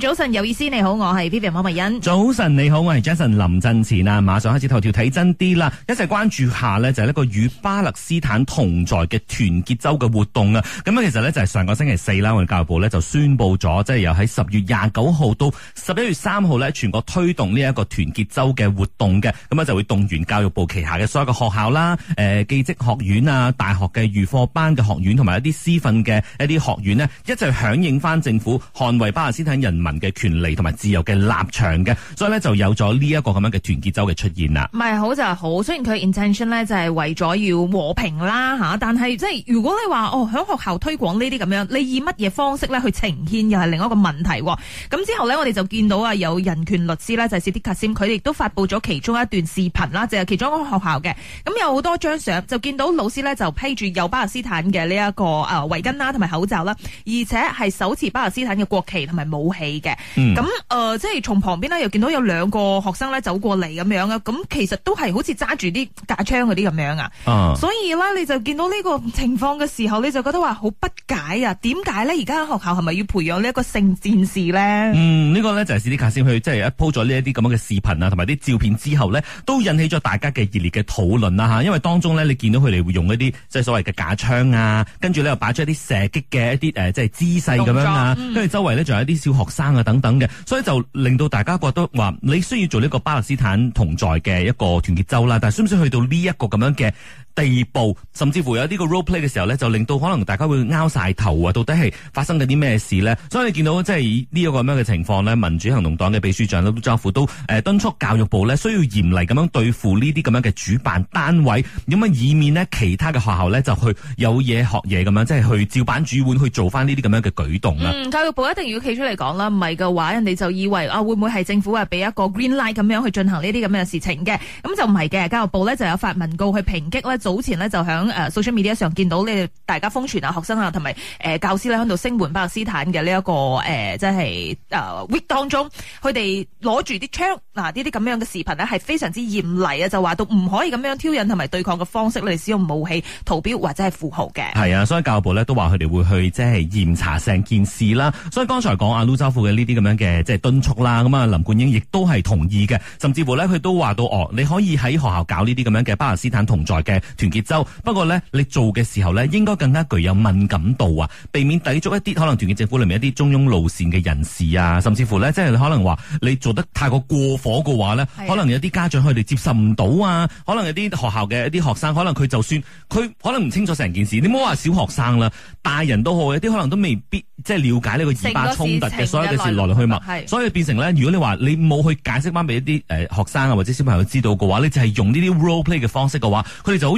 早晨，有意思，你好，我係 Vivian 馬文欣。早晨，你好，我係 Jason 林振前啊！馬上開始頭條睇真啲啦，一齊關注下呢，就係、是、一個與巴勒斯坦同在嘅團結周嘅活動啊！咁樣其實呢，就係上個星期四啦，我哋教育部呢就宣布咗，即、就、係、是、由喺十月廿九號到十一月三號呢，全國推動呢一個團結周嘅活動嘅，咁樣就會動員教育部旗下嘅所有嘅學校啦、誒、呃，技職學院啊、大學嘅預科班嘅學院，同埋一啲師訓嘅一啲學院呢，一齊響應翻政府捍衛巴勒斯坦人。民嘅權利同埋自由嘅立場嘅，所以咧就有咗呢一個咁樣嘅團結周嘅出現啦。唔係好就係好，雖然佢 intention 咧就係為咗要和平啦嚇，但係即係如果你話哦喺學校推廣呢啲咁樣，你以乜嘢方式咧去呈現又係另一個問題喎。咁之後咧，我哋就見到啊，有人權律師咧就係、是、Steve Kassim，佢亦都發布咗其中一段視頻啦，就係、是、其中一個學校嘅。咁有好多張相就見到老師咧就披住有巴勒斯坦嘅呢一個啊圍巾啦同埋口罩啦，而且係手持巴勒斯坦嘅國旗同埋武器嘅，咁誒、嗯呃，即係從旁邊呢，又見到有兩個學生咧走過嚟咁樣啊，咁其實都係好似揸住啲假槍嗰啲咁樣啊，所以咧你就見到呢個情況嘅時候，你就覺得話好不解啊，點解呢？而家喺學校係咪要培養呢一個聖戰士咧？嗯，呢、這個呢，就係史蒂卡先去即係一鋪咗呢一啲咁樣嘅視頻啊，同埋啲照片之後呢，都引起咗大家嘅熱烈嘅討論啦嚇，因為當中呢，你見到佢哋會用一啲即係所謂嘅假槍啊，跟住咧又擺出一啲射擊嘅一啲即係姿勢咁樣啊，跟住、嗯、周圍呢，仲有啲小學生。生啊等等嘅，所以就令到大家覺得話你需要做呢個巴勒斯坦同在嘅一個團結州啦，但係需唔需去到呢一個咁樣嘅？第二步，甚至乎有呢個 role play 嘅時候呢，就令到可能大家會拗晒頭啊！到底係發生緊啲咩事呢？所以你見到即係呢個咁樣嘅情況呢，民主行動黨嘅秘書長都都誒、呃、敦促教育部呢，需要嚴厲咁樣對付呢啲咁樣嘅主辦單位，咁啊以免呢其他嘅學校呢，就去有嘢學嘢咁樣，即係去照板煮碗去做翻呢啲咁樣嘅舉動啦、嗯。教育部一定要企出嚟講啦，唔係嘅話人哋就以為啊會唔會係政府啊俾一個 green light 咁樣去進行呢啲咁嘅事情嘅？咁就唔係嘅，教育部呢就有發文告去抨擊啦。早前咧就喺誒 social media 上見到咧，大家瘋傳啊學生啊同埋誒教師咧喺度聲援巴勒斯坦嘅呢一個誒，即係誒 week 當中，佢哋攞住啲槍嗱呢啲咁樣嘅視頻咧，係非常之嚴厲啊，就話到唔可以咁樣挑釁同埋對抗嘅方式嚟使用武器、圖標或者係符號嘅。係啊，所以教育部咧都話佢哋會去即係嚴查成件事啦。所以剛才講啊，盧州副嘅呢啲咁樣嘅即係敦促啦，咁啊林冠英亦都係同意嘅，甚至乎咧，佢都話到哦，你可以喺學校搞呢啲咁樣嘅巴勒斯坦同在嘅。團結州，不過咧，你做嘅時候咧，應該更加具有敏感度啊，避免抵觸一啲可能團結政府裏面一啲中庸路線嘅人士啊，甚至乎咧，即係你可能話你做得太過過火嘅話咧，的可能有啲家長佢哋接受唔到啊，可能有啲學校嘅一啲學生，可能佢就算佢可能唔清楚成件事，你唔好話小學生啦，大人都好，有啲可能都未必即係了解呢個以巴衝突嘅所有嘅事，事來來去去，所以變成咧，如果你話你冇去解釋翻俾一啲誒、呃、學生啊或者小朋友知道嘅話，你就係用呢啲 role play 嘅方式嘅話，佢哋就好。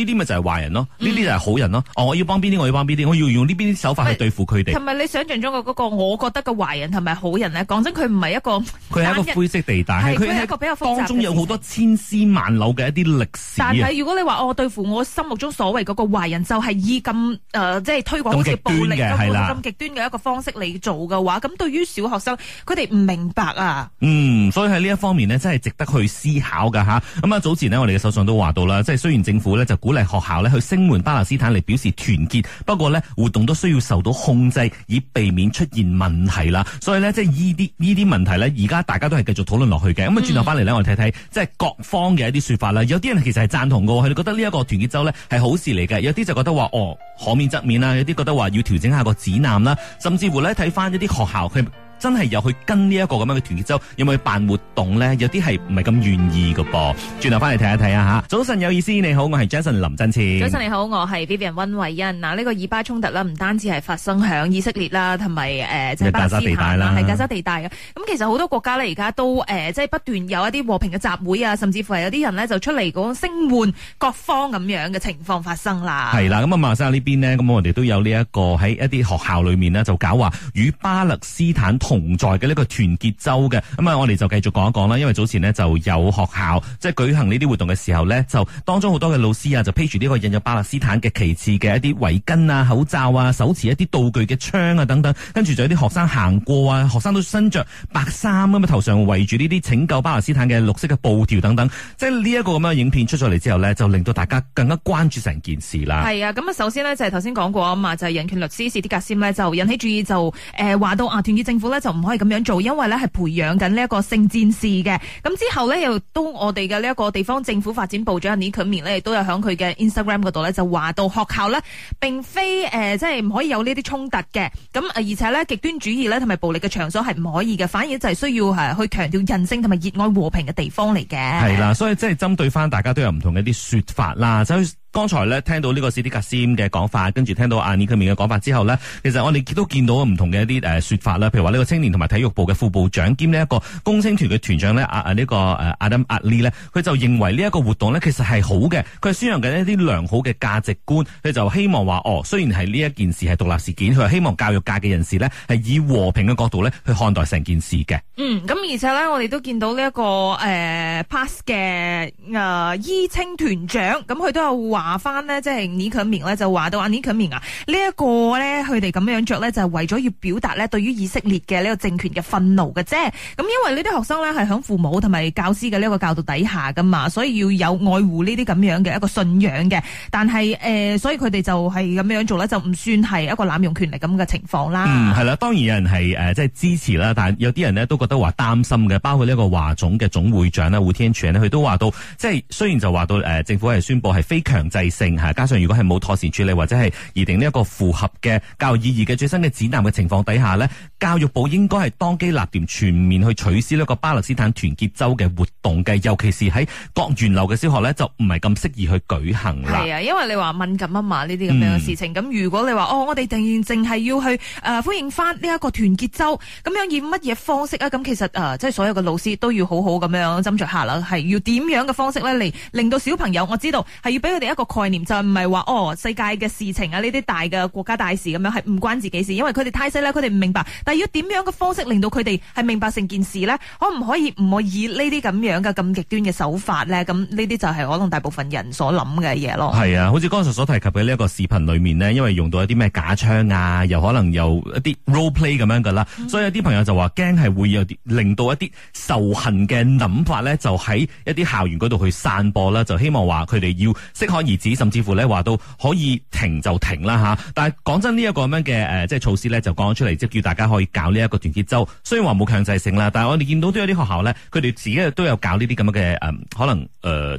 呢啲咪就係壞人咯，呢啲就係好人咯。嗯、哦，我要幫邊啲，我要幫邊啲，我要用呢邊啲手法去對付佢哋。同埋你想像中嘅嗰個，我覺得嘅壞人同埋好人呢，講真，佢唔係一個一，佢係一個灰色地帶，佢係是是他 一個比較當中有好多千絲萬縷嘅一啲歷史。但係如果你話我對付我心目中所謂嘅個壞人，就係、是、以咁誒、呃，即係推廣好似暴力咁的極端嘅一個方式嚟做嘅話，咁的對於小學生，佢哋唔明白啊。嗯，所以喺呢一方面呢，真係值得去思考嘅吓，咁啊、嗯，早前呢，我哋嘅首相都話到啦，即係雖然政府咧就鼓勵學校咧去聲援巴勒斯坦，嚟表示團結，不過咧活動都需要受到控制，以避免出現問題啦。所以咧，即係呢啲呢啲問題咧，而家大家都係繼續討論落去嘅。咁啊、嗯，轉頭翻嚟咧，我哋睇睇即係各方嘅一啲說法啦。有啲人其實係贊同嘅，佢哋覺得呢一個團結周咧係好事嚟嘅。有啲就覺得話哦，可免則免啦。有啲覺得話要調整下個指南啦，甚至乎咧睇翻一啲學校佢。真係有去跟呢一個咁樣嘅團結周，有冇去辦活動呢？有啲係唔係咁願意嘅噃？轉頭翻嚟睇一睇啊嚇！早晨有意思，你好，我係 Jason 林振次。早晨你好，我係 Vivian 溫慧欣。嗱、這、呢個以巴衝突啦，唔單止係發生響以色列啦，同埋誒加沙地帶啦，係加沙地帶嘅。咁、嗯、其實好多國家呢，而家都誒即係不斷有一啲和平嘅集會啊，甚至乎係有啲人呢就出嚟講聲援各方咁樣嘅情況發生啦。係啦，咁啊馬莎呢邊呢？咁我哋都有呢一個喺一啲學校裏面呢，就，呢、這個、就搞話與巴勒斯坦。同在嘅呢、這個團結周嘅咁啊，我哋就繼續講一講啦。因為早前呢就有學校即係、就是、舉行呢啲活動嘅時候呢，就當中好多嘅老師啊，就披住呢個印有巴勒斯坦嘅旗幟嘅一啲圍巾啊、口罩啊、手持一啲道具嘅槍啊等等，跟住就有啲學生行過啊，學生都身着白衫咁頭頭上圍住呢啲拯救巴勒斯坦嘅綠色嘅布條等等。即係呢一個咁樣影片出咗嚟之後呢，就令到大家更加關注成件事啦。係啊，咁啊，首先呢，就係頭先講過啊嘛，就係、是、人權律師史蒂格斯就引起注意就，就、呃、話到啊，團結政府咧。就唔可以咁樣做，因為咧係培養緊呢一個聖戰士嘅。咁之後咧又都我哋嘅呢一個地方政府發展部長 Nga Kor Ming 咧，亦都有喺佢嘅 Instagram 嗰度咧就話到學校咧，並非誒即係唔可以有呢啲衝突嘅。咁而且咧極端主義咧同埋暴力嘅場所係唔可以嘅，反而就係需要去強調人性同埋熱愛和平嘅地方嚟嘅。係啦，所以即係針對翻大家都有唔同嘅啲說法啦。就是剛才咧聽到呢個史蒂格斯嘅講法，跟住聽到阿尼克面嘅講法之後呢，其實我哋都見到唔同嘅一啲誒說法啦。譬如話呢個青年同埋體育部嘅副部長兼呢一個工青團嘅團長呢，阿、啊、呢、啊這個誒阿 Dem 阿 Li 佢就認為呢一個活動呢其實係好嘅，佢係宣揚緊一啲良好嘅價值觀，佢就希望話哦，雖然係呢一件事係獨立事件，佢係希望教育界嘅人士呢係以和平嘅角度呢去看待成件事嘅。嗯，咁而且呢，我哋都見到呢、這、一個誒 PAS 嘅誒伊青團長，咁佢都有話翻呢，即係尼古棉咧，就話到阿尼古棉啊，呢一個咧，佢哋咁樣着咧，就係為咗要表達咧，對於以色列嘅呢個政權嘅憤怒嘅啫。咁因為呢啲學生咧係響父母同埋教師嘅呢個教導底下噶嘛，所以要有愛護呢啲咁樣嘅一個信仰嘅。但係誒，所以佢哋就係咁樣做咧，就唔算係一個濫用權力咁嘅情況啦。嗯，係啦，當然有人係誒即係支持啦，但係有啲人咧都覺得話擔心嘅，包括呢個華總嘅總會長呢，胡天全咧，佢都話到，即係雖然就話到誒政府係宣布係非強。制性嚇，加上如果係冇妥善處理或者係擬定呢一個符合嘅教育意義嘅最新嘅指南嘅情況底下呢，教育部應該係當機立斷全面去取消呢一個巴勒斯坦團結週嘅活動嘅，尤其是喺各源流嘅小學呢，就唔係咁適宜去舉行啦。係啊，因為你話敏感啊嘛，呢啲咁樣嘅事情。咁、嗯、如果你話哦，我哋定淨係要去誒、呃、歡迎翻呢一個團結週，咁樣以乜嘢方式啊？咁其實誒、呃，即係所有嘅老師都要好好咁樣斟酌下啦，係要點樣嘅方式呢？嚟令到小朋友我知道係要俾佢哋一個概念，就唔係話哦，世界嘅事情啊，呢啲大嘅國家大事咁樣係唔關自己事，因為佢哋太細咧，佢哋唔明白。但係要點樣嘅方式令到佢哋係明白成件事呢？可唔可以唔可以以呢啲咁樣嘅咁極端嘅手法呢？咁呢啲就係可能大部分人所諗嘅嘢咯。係啊，好似剛才所提及嘅呢一個視頻裏面呢，因為用到一啲咩假槍啊，又可能有一啲 role play 咁樣噶啦，嗯、所以有啲朋友就話驚係會有啲令到一啲仇恨嘅諗法呢，就喺一啲校園嗰度去散播啦。就希望話佢哋要識可以。兒子甚至乎咧話到可以停就停啦嚇，但係講真呢一個咁樣嘅誒即係措施咧，就講咗出嚟，即係叫大家可以搞呢一個團結周。雖然話冇強制性啦，但係我哋見到都有啲學校咧，佢哋自己都有搞呢啲咁樣嘅誒，可能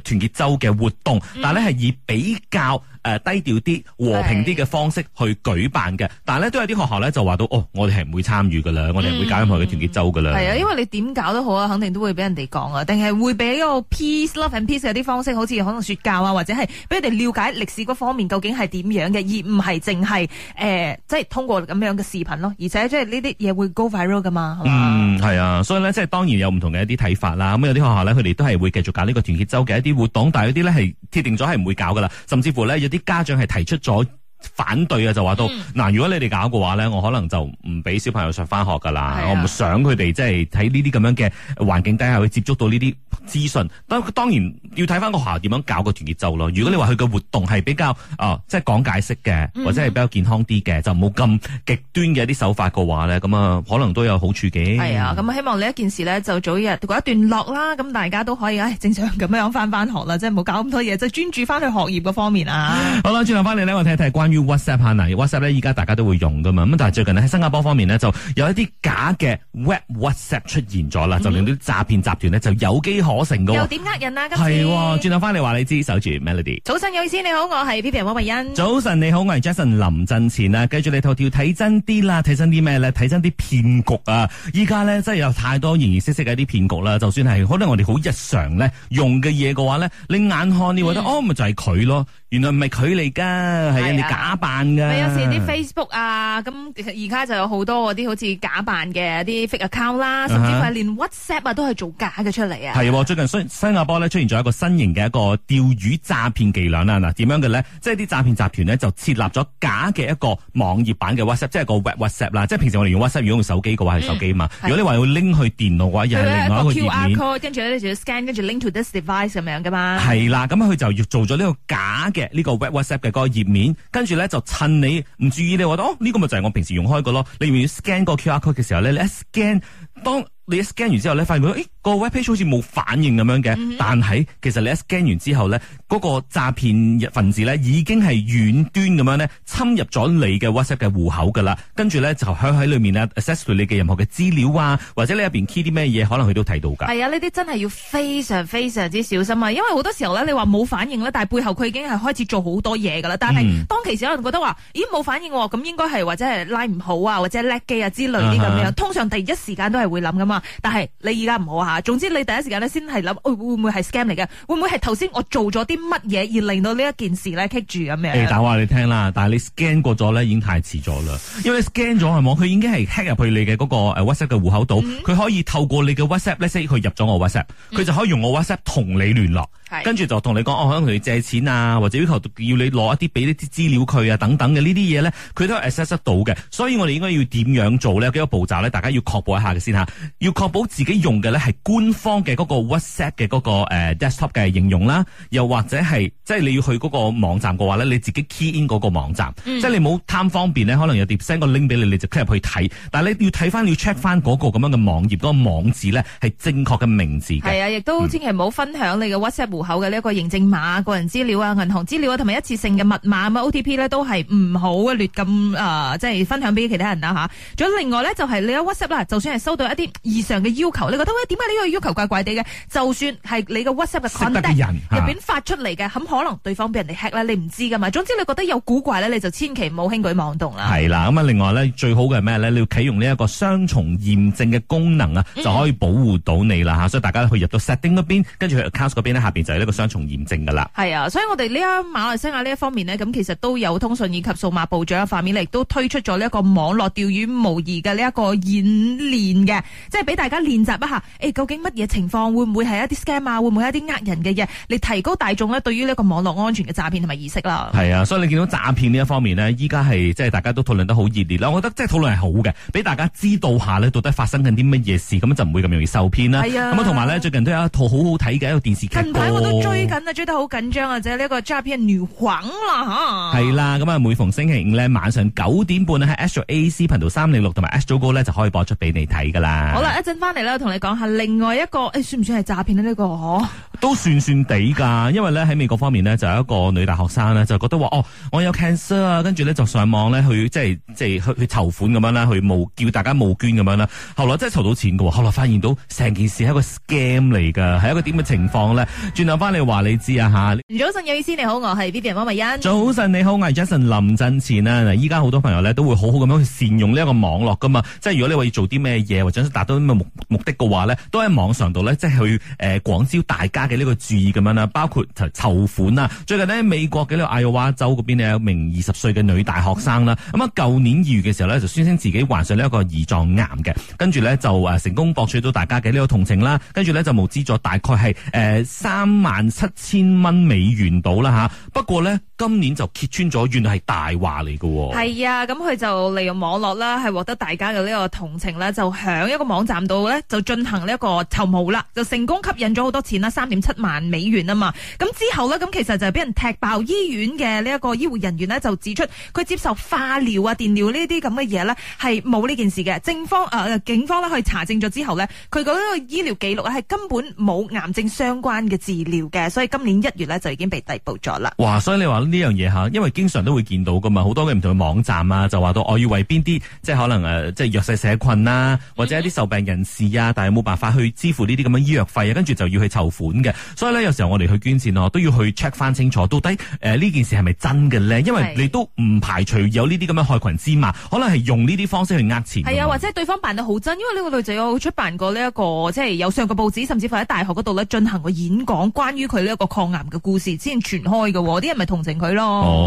誒團結周嘅活動，嗯、但係咧係以比較。誒、呃，低調啲、和平啲嘅方式去舉辦嘅，是但係咧都有啲學校咧就話到，哦，我哋係唔會參與噶啦，嗯、我哋唔會搞任何嘅團結周噶啦。係啊，因為你點搞都好啊，肯定都會俾人哋講啊，定係會俾一個 peace、love and peace 有啲方式，好似可能說教啊，或者係俾佢哋了解歷史嗰方面究竟係點樣嘅，而唔係淨係誒，即係通過咁樣嘅視頻咯。而且即係呢啲嘢會 go viral 噶嘛。嗯，係啊的，所以咧即係當然有唔同嘅一啲睇法啦。咁有啲學校咧，佢哋都係會繼續搞呢個團結周嘅一啲活動，但係嗰啲咧係決定咗係唔會搞噶啦，甚至乎咧。啲家長係提出咗反對啊，就話到嗱，嗯、如果你哋搞嘅話咧，我可能就唔俾小朋友上翻學噶啦，是啊、我唔想佢哋即係喺呢啲咁樣嘅環境底下去接觸到呢啲資訊，當當然要睇翻個學校點樣搞個團結周咯。如果你話佢個活動係比較啊、呃，即係講解釋嘅，或者係比較健康啲嘅，就冇咁極端嘅一啲手法嘅話咧，咁啊可能都有好處嘅。係啊，咁希望呢一件事咧就早日過一段落啦。咁大家都可以誒正常咁樣翻翻學啦，即係冇搞咁多嘢，即係專注翻去學業嘅方面啊。好啦，轉頭翻嚟咧，我睇睇關於 WhatsApp 嗱，WhatsApp 咧依家大家都會用噶嘛。咁但係最近喺新加坡方面呢，就有一啲假嘅 Web WhatsApp 出現咗啦，就令啲詐騙集團呢，就有機可。成嘅，又點呃人啊？係，轉頭翻嚟話你知，守住 Melody。早晨，有線你好，我係 P P R 汪慧欣。M, 恩早晨你好，我係 Justin。臨陣前啊，繼續你頭條睇真啲啦，睇真啲咩咧？睇真啲騙局啊！依家咧真係有太多形形色色嘅一啲騙局啦。就算係可能我哋好日常咧用嘅嘢嘅話咧，你眼看你覺得、嗯、哦，咪就係、是、佢咯，原來唔係佢嚟㗎，係、啊、人哋假扮㗎。咪有時啲 Facebook 啊，咁而家就有多好多嗰啲好似假扮嘅啲 fake account 啦、啊，甚至佢連 WhatsApp 啊都係做假嘅出嚟啊。最近新新加坡咧出現咗一個新型嘅一個釣魚詐騙伎倆啦，嗱，點樣嘅咧？即係啲詐騙集團咧就設立咗假嘅一個網頁版嘅 WhatsApp，即係個 Web WhatsApp 啦。即係平時我哋用 WhatsApp，如果用手機嘅話係手機嘛。嗯、如果你話要拎去電腦嘅話，又係另外一個頁面。跟住、嗯、你就要 scan，跟住 link to this device 咁樣噶嘛。係啦，咁佢就要做咗呢個假嘅呢、呢個 Web WhatsApp 嘅嗰個頁面，跟住咧就趁你唔注意，你我覺得哦呢、呢個咪就係我平時用開個咯。你如果要 scan 個 QR code 嘅時候咧，你一 scan。當你 scan 完之後咧，發現到、咦個 webpage 好似冇反應咁樣嘅，嗯、哼但係其實你 scan 完之後咧，嗰、嗰個詐騙分子咧已經係遠端咁樣咧侵入咗你嘅 WhatsApp 嘅戶口㗎啦，跟住咧就喺喺裏面咧 access 到你嘅任何嘅資料啊，或者你入面 key 啲咩嘢，可能佢都睇到㗎。係啊，呢啲真係要非常非常之小心啊，因為好多時候咧，你話冇反應咧，但係背後佢已經係開始做好多嘢㗎啦。但係當其時可能覺得話，咦冇反應喎，咁應該係或者係拉唔好啊，或者叻機啊之類啲咁樣。啊、哼通常第一時間都係。會諗噶嘛？但係你而家唔好吓。總之你第一時間咧，先係諗、哎，會唔會係 scan 嚟嘅？會唔會係頭先我做咗啲乜嘢而令到呢一件事咧棘住咁樣？誒、欸，打話你聽啦。嗯、但係你 scan 過咗咧，已經太遲咗啦。因為 scan 咗係冇，佢已經係 hack 入去你嘅嗰個誒 WhatsApp 嘅戶口度。佢、嗯、可以透過你嘅 WhatsApp 咧先，佢入咗我 WhatsApp，佢就可以用我 WhatsApp 同你聯絡。跟住就同你講，我、哦、可能同你借錢啊，或者要求要你攞一啲俾呢啲資料佢啊，等等嘅呢啲嘢咧，佢都 access 得到嘅。所以我哋應該要點樣做咧？有幾個步驟咧？大家要確保一下嘅先吓，要確保自己用嘅咧係官方嘅嗰個 WhatsApp 嘅嗰、嗰個、呃、desktop 嘅應用啦，又或者係即係你要去嗰個網站嘅話咧，你自己 key in 嗰個網站，嗯、即係你冇貪方便咧，可能有啲 send 個 link 俾你，你就 click 入去睇。但係你要睇翻要 check 翻嗰個咁樣嘅網頁嗰個網址咧，係、那個、正確嘅名字。係啊，亦都千祈唔好分享你嘅 WhatsApp。口嘅呢一個認證碼、個人資料啊、銀行資料啊，同埋一次性嘅密碼啊、OTP 咧，都係唔好啊，亂咁啊，即係分享俾其他人啊，吓！仲有另外咧就係你有 WhatsApp 啦，就,是、app, 就算係收到一啲異常嘅要求，你覺得喂點解呢個要求怪怪地嘅？就算係你嘅 WhatsApp 嘅 setting 入邊發出嚟嘅，咁可能對方俾人哋 hack 咧，你唔知噶嘛。總之你覺得有古怪咧，你就千祈唔好輕舉妄動啦。係啦，咁啊，另外咧最好嘅係咩咧？你要啟用呢一個雙重驗證嘅功能啊，就可以保護到你啦嚇。啊嗯、所以大家去入到 setting 嗰邊，跟住 account 嗰邊咧下邊就係呢個雙重驗證噶啦，係啊，所以我哋呢一馬來西亞呢一方面呢，咁其實都有通訊以及數碼部長嘅塊面，亦都推出咗呢一個網絡釣魚模擬嘅呢一個演練嘅，即係俾大家練習一下，誒、欸，究竟乜嘢情況會唔會係一啲 scam 啊，會唔會係一啲呃人嘅嘢，嚟提高大眾呢對於呢個網絡安全嘅詐騙同埋意識啦。係啊，所以你見到詐騙呢一方面呢，依家係即係大家都討論得好熱烈啦，我覺得即係討論係好嘅，俾大家知道下咧到底發生緊啲乜嘢事，咁就唔會咁容易受騙啦。係啊，咁啊同埋呢，最近都有一套好好睇嘅一個電視劇。都追緊啊，追得好緊張啊！就係呢一個詐騙女皇啦嚇，係、啊、啦。咁啊，每逢星期五咧，晚上九點半喺 Astro AC 頻道三零六同埋 Astro Go 就可以播出俾你睇噶啦。好啦，一陣翻嚟咧，同你講下另外一個誒、欸，算唔算係詐騙呢？呢、這個、啊、都算算地㗎。因為咧喺美國方面呢，就有一個女大學生咧，就覺得話哦，我有 cancer 啊，跟住咧就上網咧去即係即係去去籌款咁樣啦，去募叫大家募捐咁樣啦。後來真係籌到錢喎。後來發現到成件事係一個 scam 嚟㗎，係一個點嘅情況咧，轉頭。等翻你話你知啊吓，早晨有意思，你好，我係 Vivian 汪慧欣。早晨你好，我係 Jason 林振前啦。嗱，依家好多朋友咧都會好好咁樣去善用呢一個網絡噶嘛，即係如果你話要做啲咩嘢或者達到啲咩目目的嘅話咧，都喺網上度咧即係去誒、呃、廣招大家嘅呢個注意咁樣啦，包括籌款啦。最近呢，美國嘅呢個愛奧華州嗰邊咧有一名二十歲嘅女大學生啦，咁啊舊年二月嘅時候咧就宣稱自己患上呢一個胰臟癌嘅，跟住咧就誒成功博取到大家嘅呢個同情啦，跟住咧就募資咗大概係誒、嗯呃、三。一萬七千蚊美元到啦吓，不過呢。今年就揭穿咗，原來係大話嚟喎。係啊，咁佢就利用網絡啦，係獲得大家嘅呢個同情啦，就響一個網站度咧，就進行呢一個籌募啦，就成功吸引咗好多錢啦，三點七萬美元啊嘛。咁之後呢，咁其實就係俾人踢爆醫院嘅呢一個醫護人員呢，就指出佢接受化療啊、電療呢啲咁嘅嘢呢，係冇呢件事嘅。正方誒警方呢，呃、警方去查證咗之後呢，佢嗰個醫療記錄咧係根本冇癌症相關嘅治療嘅，所以今年一月呢，就已經被逮捕咗啦。哇！所以你話。呢樣嘢嚇，因為經常都會見到㗎嘛，好多嘅唔同嘅網站啊，就話到我、哦、要為邊啲，即係可能誒、呃，即係弱勢社群啊，或者一啲受病人士啊，但係冇辦法去支付呢啲咁嘅醫藥費啊，跟住就要去籌款嘅。所以呢，有時候我哋去捐錢哦，都要去 check 翻清楚，到底誒呢、呃、件事係咪真嘅呢？因為你都唔排除有呢啲咁嘅害群之馬，可能係用呢啲方式去呃錢。係啊，或者對方扮得好真，因為呢個女仔有出版過呢、這、一個，即係有上過報紙，甚至乎喺大學嗰度咧進行過演講，關於佢呢一個抗癌嘅故事之前傳開嘅。啲人咪同情。佢對咯，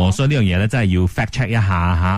哦，所以這東西呢樣嘢咧，真係要 fact check 一下吓。哈